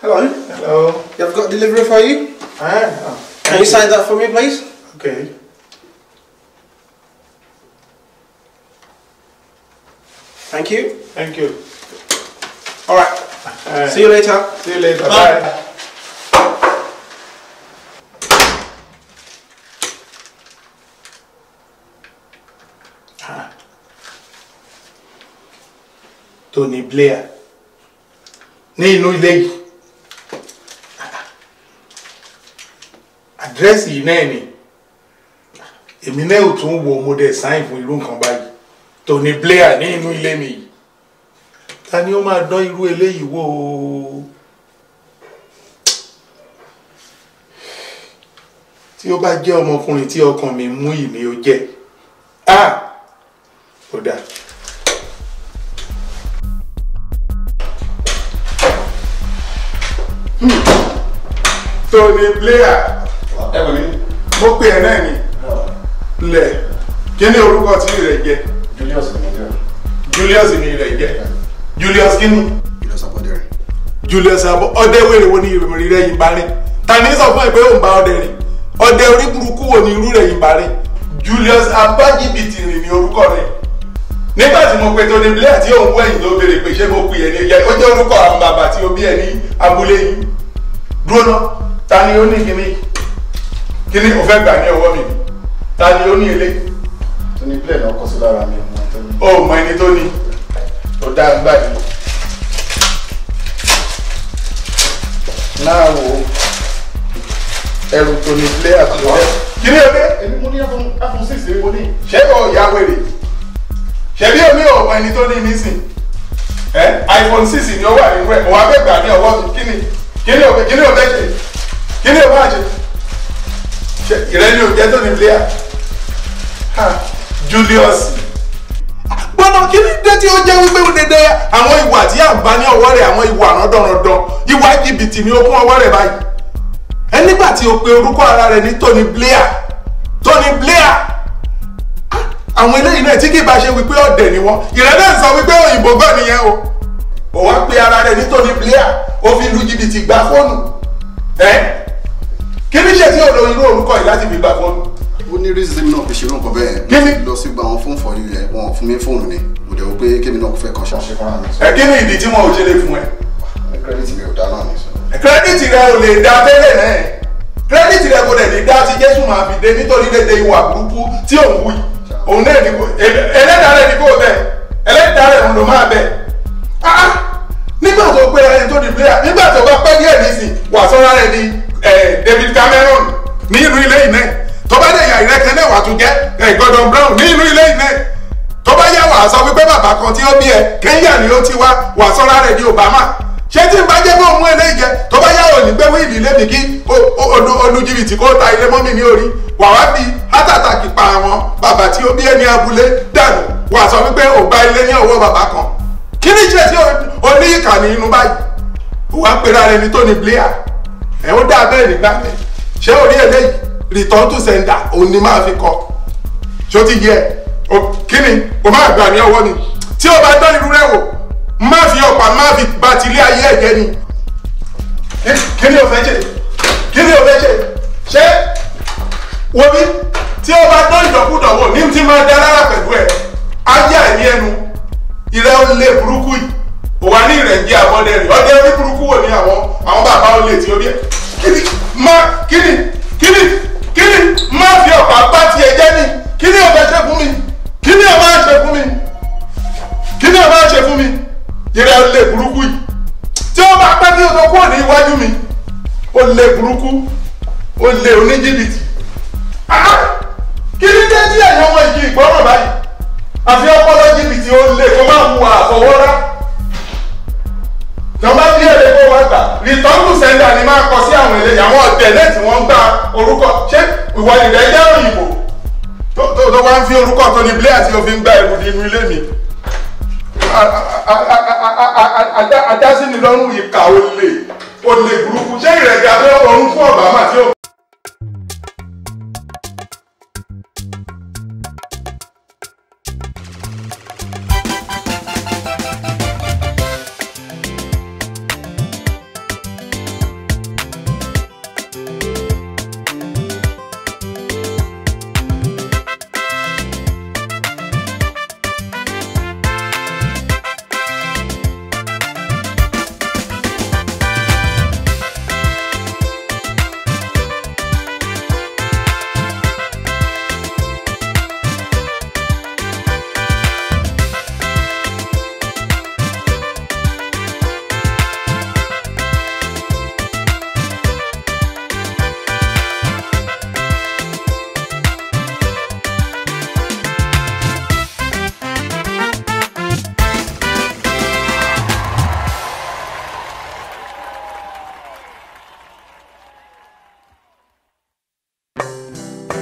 Hello. Hello. You've got delivery for you? Ah, oh, Can you, you sign that for me, please? Okay. Thank you. Thank you. All right. Uh, see you later. See you later. Bye. Bye. Tony Blair ní no ilé dírẹ́sì yìí náà ni èmi náà ò tún wo mo dẹ̀ sáyìn fún irú nǹkan báyìí Tony Blair ní inú ilé mi yìí ta ni ó máa dán irú eléyìí wò ó. tí ó bá jẹ́ ọmọkùnrin tí ọkàn mi mú ìní ó jẹ́ a dà. Hmm. Tony Blair ẹ bẹ̀ mí. mo pè ẹ náà ni lẹ kí ni orúkọ tí rẹ jẹ. Julius ni rẹ. Julius ni rẹ jẹ Julius kí ni. Julius Abọ́dẹ̀rìn. Julius abọ ọdẹ wèrè wo ni ìròyìn rẹ yìí bá rìn ta ni sọ fún ẹ pé ó ń bá ọdẹ rìn ọdẹ orí burúkú wo ni irú rẹ yìí bá rìn Julius abájibìtì rìn ní orúkọ rẹ nígbà tí mo pe tó ní blair tí òun wẹ̀yìn ló béèrè pé ṣé mo pè é ní ìyá ó jẹ́ orúkọ àwọn bàbá tí ó bí ẹ ní abúlé yìí dúró náà ta ni ó ní kíní Kini ni o fẹ́ gbà ní ọwọ́ mi ta ni ó ní ilé. tó ní plẹ̀ náà kọ́ sí lára mi mọ tó ní. o mọ ẹni tó ní o dá ń gbà yìí. náà wò ó ẹrù tó ní ilé àtúntò. kí ni o dé. èmi mo ní iPhone six èmi mo ní. ṣé o ya wèrè ṣebí omi ò mọ ẹni tó ní nísìn ẹ iPhone six ni ó wà nínú ẹ òun abẹ́gbà ní ọwọ́ mi kí ni kí ni o fẹ́ kini o fẹ́ ṣe. ìrẹ́ni òjẹ́ tó ní player Julius gbọ́dọ̀ kí ni dé tí ó jẹ́ wípé ó dédé àwọn ìwà tí à ń bá ní ọwọ́ rẹ̀ àwọn ìwà rọ́dọ̀rọ̀dọ̀ ìwà jìbìtì ni ó kún ọwọ́ rẹ̀ báyìí ẹ nígbà tí o pe orúkọ ara rẹ̀ ní Tony Blair Tony Blair àwọn eléyìí náà tí kì í bá ṣe wípé ọ̀dẹ̀ ni wọ́n ìrẹ́lẹ̀ ń sọ wípé òyìnbó gbọ́ nìyẹn o ò wá pe ara rẹ̀ ní Tony Blair ó fi lu jìbìtì gbá fóònù ẹ́ kí ni ṣe tí o lo irú orúkọ yìí láti fi gbà fóònù. ó ní reason náà fi ṣerú nǹkan bẹ́ẹ̀ kí ni lọ sí gba àwọn fóònù fọyín yẹn wọn fún mi fóònù ni mo dẹ̀ wò pé kémi náà kò fẹ́ kàn ṣáṣe fún mi. ẹ kí ni ìdí tí wọn ò ṣe lè fún ẹ. kírẹ́dìtì rẹ ò dá náà ni. kírẹ́dìtì rẹ ò lè dá tẹ́lẹ̀ náà kírẹ́dìtì rẹ kò lè dá tí Jésù máa fi dé nítorí dédé ìwà burúkú tí òun wù yìí òun náà ní John Brown ní inú ilé ilé tó bá yá wàá sọ wípé bàbá kan tí ó bí ẹ Kenya ni ó ti wá wàá sọ́ra rẹ̀ di Obama ṣé tí n bá jẹ́ kó mú eléyìí jẹ tó bá yá òní gbé wíìlì ilé mi kí olú jìbìtì kó ta ilé mọ́mì ní orí wàá fi hátàtàkì pa àwọn bàbá tí ó bí ẹni abúlé dànù wàá sọ wípé ò gba ilé ní ọwọ́ bàbá kan kí ni ṣe tí oní ìkànnì inú báyìí wàá pera rẹ ní Tony Blair ẹ̀ ó dá bẹ́ẹ̀ nígbà mi ṣé orí eléyìí return to sender òní máa fi kọ́ ṣó ti yẹ kí ni o máa gbà ní ọwọ́ ni tí o bá dán irú rẹ̀ wò má fi ọ̀pá má fi ba ti ilé ayé ẹ̀jẹ̀ ni kí ni o fẹ́ ṣe kí ni o fẹ́ ṣe ṣé wo bí tí o bá dán ìdọ̀kúdọ̀ wò ní ti máa dá rárá pẹ̀lú ẹ̀ ajá ẹ̀ ní ẹnu ìrẹ́ ó lé burúkú yìí òwà ní ìrẹ̀ ń jẹ́ àbọ̀dẹ̀ rẹ̀ ọdẹ orí burúkú wò ní àwọn àwọn bàbá olè tí ó bí ẹ̀ lé burúkú ó lé oníjìbìtì kí ni dé tí ẹ̀yàn ọmọ ìjì ìgbọ́ràn báyìí àfi ọpọlọ jìbìtì ó lé kó má mu àfọwọ́rá jọba bí ẹ̀rẹ́ kó wá gbà rìtọ́ǹkù sẹ́ńdà ni máa kọ sí àwọn eléyìí àwọn ọ̀tẹ̀ náà tí wọ́n ń gba orúkọ ṣé ìwọ ìrẹ́ jẹ́ òyìnbó tó wá ń fi orúkọ tó ní blair tí o fi ń gba ẹ̀rù nínú ilé mi adásínilọ́rùn ìkà olè olè burúkú ṣé ìrẹ̀gà tó ọ̀run fún ọ̀bà máa ti